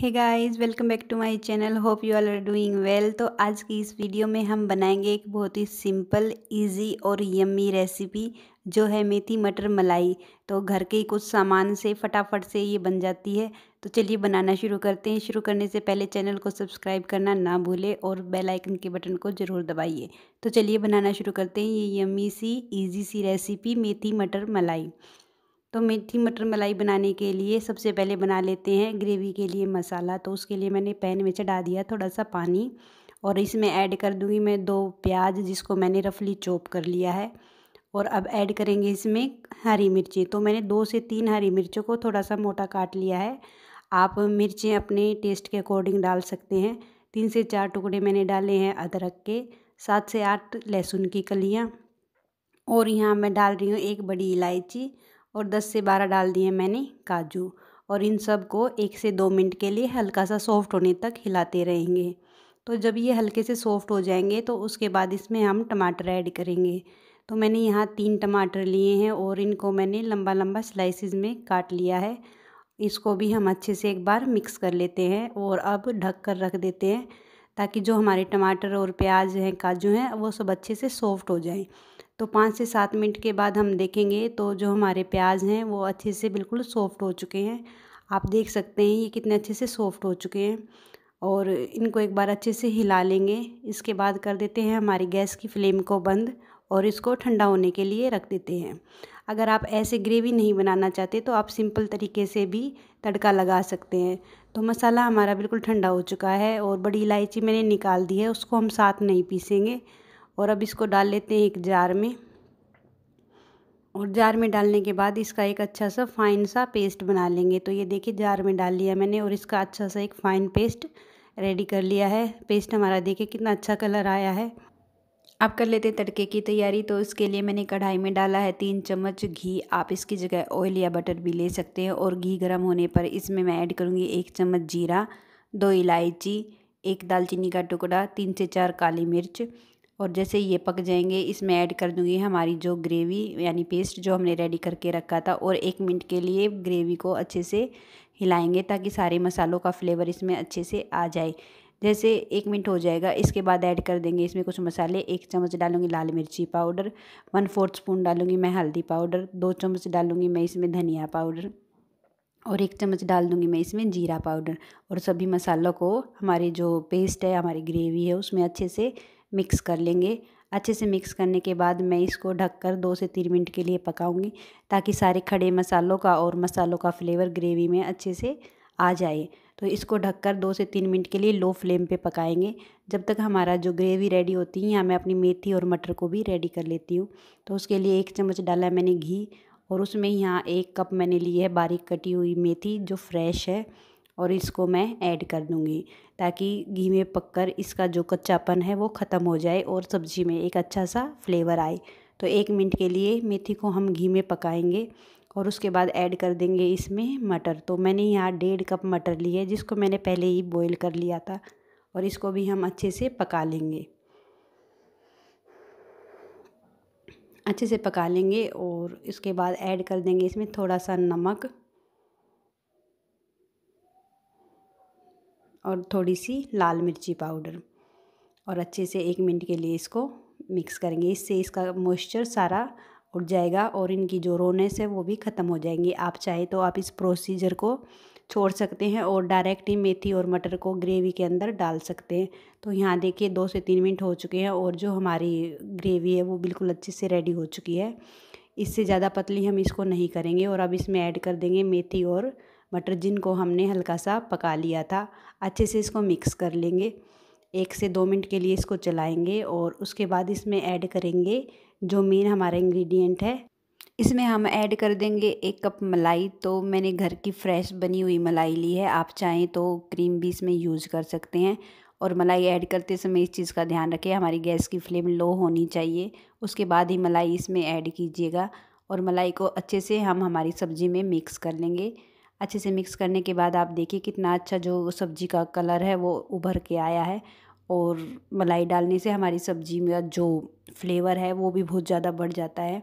है guys welcome back to my channel hope you all are doing well तो आज की इस वीडियो में हम बनाएंगे एक बहुत ही सिंपल इजी और यम्मी रेसिपी जो है मेथी मटर मलाई तो घर के ही कुछ सामान से फटाफट से ये बन जाती है तो चलिए बनाना शुरू करते हैं शुरू करने से पहले चैनल को सब्सक्राइब करना ना भूले और बेल आइकन के बटन को ज़रूर दबाइए तो चलिए बनाना शुरू करते हैं ये यम्मी सी ईजी सी रेसिपी मेथी मटर मलाई तो मेथी मटर मलाई बनाने के लिए सबसे पहले बना लेते हैं ग्रेवी के लिए मसाला तो उसके लिए मैंने पैन में चढ़ा दिया थोड़ा सा पानी और इसमें ऐड कर दूँगी मैं दो प्याज जिसको मैंने रफली चॉप कर लिया है और अब ऐड करेंगे इसमें हरी मिर्ची तो मैंने दो से तीन हरी मिर्चों को थोड़ा सा मोटा काट लिया है आप मिर्चें अपने टेस्ट के अकॉर्डिंग डाल सकते हैं तीन से चार टुकड़े मैंने डाले हैं अदरक के सात से आठ लहसुन की कलियाँ और यहाँ मैं डाल रही हूँ एक बड़ी इलायची और 10 से 12 डाल दिए मैंने काजू और इन सब को एक से दो मिनट के लिए हल्का सा सॉफ्ट होने तक हिलाते रहेंगे तो जब ये हल्के से सॉफ्ट हो जाएंगे तो उसके बाद इसमें हम टमाटर ऐड करेंगे तो मैंने यहाँ तीन टमाटर लिए हैं और इनको मैंने लंबा लंबा स्लाइसिस में काट लिया है इसको भी हम अच्छे से एक बार मिक्स कर लेते हैं और अब ढक कर रख देते हैं ताकि जो हमारे टमाटर और प्याज हैं काजू हैं वो सब अच्छे से सॉफ़्ट हो जाएं तो पाँच से सात मिनट के बाद हम देखेंगे तो जो हमारे प्याज हैं वो अच्छे से बिल्कुल सॉफ़्ट हो चुके हैं आप देख सकते हैं ये कितने अच्छे से सॉफ़्ट हो चुके हैं और इनको एक बार अच्छे से हिला लेंगे इसके बाद कर देते हैं हमारी गैस की फ्लेम को बंद और इसको ठंडा होने के लिए रख देते हैं अगर आप ऐसे ग्रेवी नहीं बनाना चाहते तो आप सिंपल तरीके से भी तड़का लगा सकते हैं तो मसाला हमारा बिल्कुल ठंडा हो चुका है और बड़ी इलायची मैंने निकाल दी है उसको हम साथ नहीं पीसेंगे और अब इसको डाल लेते हैं एक जार में और जार में डालने के बाद इसका एक अच्छा सा फाइन सा पेस्ट बना लेंगे तो ये देखिए जार में डाल लिया मैंने और इसका अच्छा सा एक फ़ाइन पेस्ट रेडी कर लिया है पेस्ट हमारा देखिए कितना अच्छा कलर आया है आप कर लेते हैं तड़के की तैयारी तो इसके लिए मैंने कढ़ाई में डाला है तीन चम्मच घी आप इसकी जगह ऑयल या बटर भी ले सकते हैं और घी गर्म होने पर इसमें मैं ऐड करूँगी एक चम्मच जीरा दो इलायची एक दालचीनी का टुकड़ा तीन से चार काली मिर्च और जैसे ये पक जाएंगे इसमें ऐड कर दूंगी हमारी जो ग्रेवी यानी पेस्ट जो हमने रेडी करके रखा था और एक मिनट के लिए ग्रेवी को अच्छे से हिलाएंगे ताकि सारे मसालों का फ्लेवर इसमें अच्छे से आ जाए जैसे एक मिनट हो जाएगा इसके बाद ऐड कर देंगे इसमें कुछ मसाले एक चम्मच डालूंगी लाल मिर्ची पाउडर वन फोर्थ स्पून डालूंगी मैं हल्दी पाउडर दो चम्मच डालूंगी मैं इसमें धनिया पाउडर और एक चम्मच डाल दूंगी मैं इसमें जीरा पाउडर और सभी मसालों को हमारी जो पेस्ट है हमारी ग्रेवी है उसमें अच्छे से मिक्स कर लेंगे अच्छे से मिक्स करने के बाद मैं इसको ढककर दो से तीन मिनट के लिए पकाऊंगी ताकि सारे खड़े मसालों का और मसालों का फ्लेवर ग्रेवी में अच्छे से आ जाए तो इसको ढककर दो से तीन मिनट के लिए लो फ्लेम पे पकाएंगे जब तक हमारा जो ग्रेवी रेडी होती है यहाँ मैं अपनी मेथी और मटर को भी रेडी कर लेती हूँ तो उसके लिए एक चम्मच डाला है मैंने घी और उसमें यहाँ एक कप मैंने ली है बारीक कटी हुई मेथी जो फ्रेश है और इसको मैं ऐड कर दूँगी ताकि घी में पककर इसका जो कच्चापन है वो ख़त्म हो जाए और सब्ज़ी में एक अच्छा सा फ्लेवर आए तो एक मिनट के लिए मेथी को हम घी में पकाएंगे और उसके बाद ऐड कर देंगे इसमें मटर तो मैंने यहाँ डेढ़ कप मटर लिए है जिसको मैंने पहले ही बॉईल कर लिया था और इसको भी हम अच्छे से पका लेंगे अच्छे से पका लेंगे और इसके बाद ऐड कर देंगे इसमें थोड़ा सा नमक और थोड़ी सी लाल मिर्ची पाउडर और अच्छे से एक मिनट के लिए इसको मिक्स करेंगे इससे इसका मॉइस्चर सारा उठ जाएगा और इनकी जो रोनेस है वो भी ख़त्म हो जाएंगी आप चाहे तो आप इस प्रोसीजर को छोड़ सकते हैं और डायरेक्ट ही मेथी और मटर को ग्रेवी के अंदर डाल सकते हैं तो यहाँ देखिए दो से तीन मिनट हो चुके हैं और जो हमारी ग्रेवी है वो बिल्कुल अच्छे से रेडी हो चुकी है इससे ज़्यादा पतली हम इसको नहीं करेंगे और अब इसमें ऐड कर देंगे मेथी और मटर जिनको हमने हल्का सा पका लिया था अच्छे से इसको मिक्स कर लेंगे एक से दो मिनट के लिए इसको चलाएंगे और उसके बाद इसमें ऐड करेंगे जो मेन हमारा इंग्रेडिएंट है इसमें हम ऐड कर देंगे एक कप मलाई तो मैंने घर की फ्रेश बनी हुई मलाई ली है आप चाहें तो क्रीम भी इसमें यूज़ कर सकते हैं और मलाई ऐड करते समय इस चीज़ का ध्यान रखें हमारी गैस की फ्लेम लो होनी चाहिए उसके बाद ही मलाई इसमें ऐड कीजिएगा और मलाई को अच्छे से हम हमारी सब्ज़ी में मिक्स कर लेंगे अच्छे से मिक्स करने के बाद आप देखिए कितना अच्छा जो सब्ज़ी का कलर है वो उभर के आया है और मलाई डालने से हमारी सब्ज़ी में जो फ्लेवर है वो भी बहुत ज़्यादा बढ़ जाता है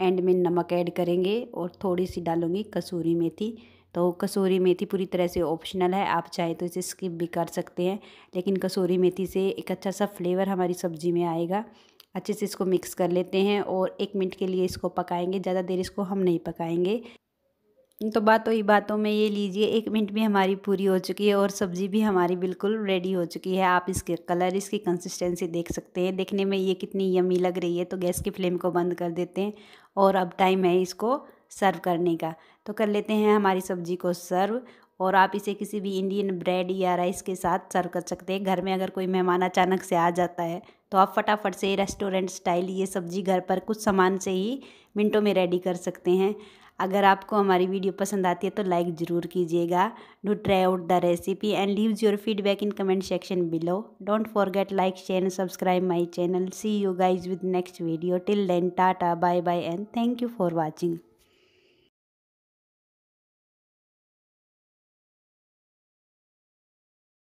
एंड में नमक ऐड करेंगे और थोड़ी सी डालूँगी कसूरी मेथी तो कसूरी मेथी पूरी तरह से ऑप्शनल है आप चाहे तो इसे स्किप भी कर सकते हैं लेकिन कसूरी मेथी से एक अच्छा सा फ्लेवर हमारी सब्ज़ी में आएगा अच्छे से इसको मिक्स कर लेते हैं और एक मिनट के लिए इसको पकाएंगे ज़्यादा देर इसको हम नहीं पकाएंगे तो बातों ही बातों में ये लीजिए एक मिनट भी हमारी पूरी हो चुकी है और सब्ज़ी भी हमारी बिल्कुल रेडी हो चुकी है आप इसके कलर इसकी कंसिस्टेंसी देख सकते हैं देखने में ये कितनी यमी लग रही है तो गैस की फ्लेम को बंद कर देते हैं और अब टाइम है इसको सर्व करने का तो कर लेते हैं हमारी सब्ज़ी को सर्व और आप इसे किसी भी इंडियन ब्रेड या राइस के साथ सर्व कर सकते हैं घर में अगर कोई मेहमान अचानक से आ जाता है तो आप फटाफट से रेस्टोरेंट स्टाइल ये सब्ज़ी घर पर कुछ सामान से ही मिनटों में रेडी कर सकते हैं अगर आपको हमारी वीडियो पसंद आती है तो लाइक ज़रूर कीजिएगा do try out the recipe and leaves your feedback in comment section below don't forget like share and subscribe my channel see you guys with next video till then tata bye bye and thank you for watching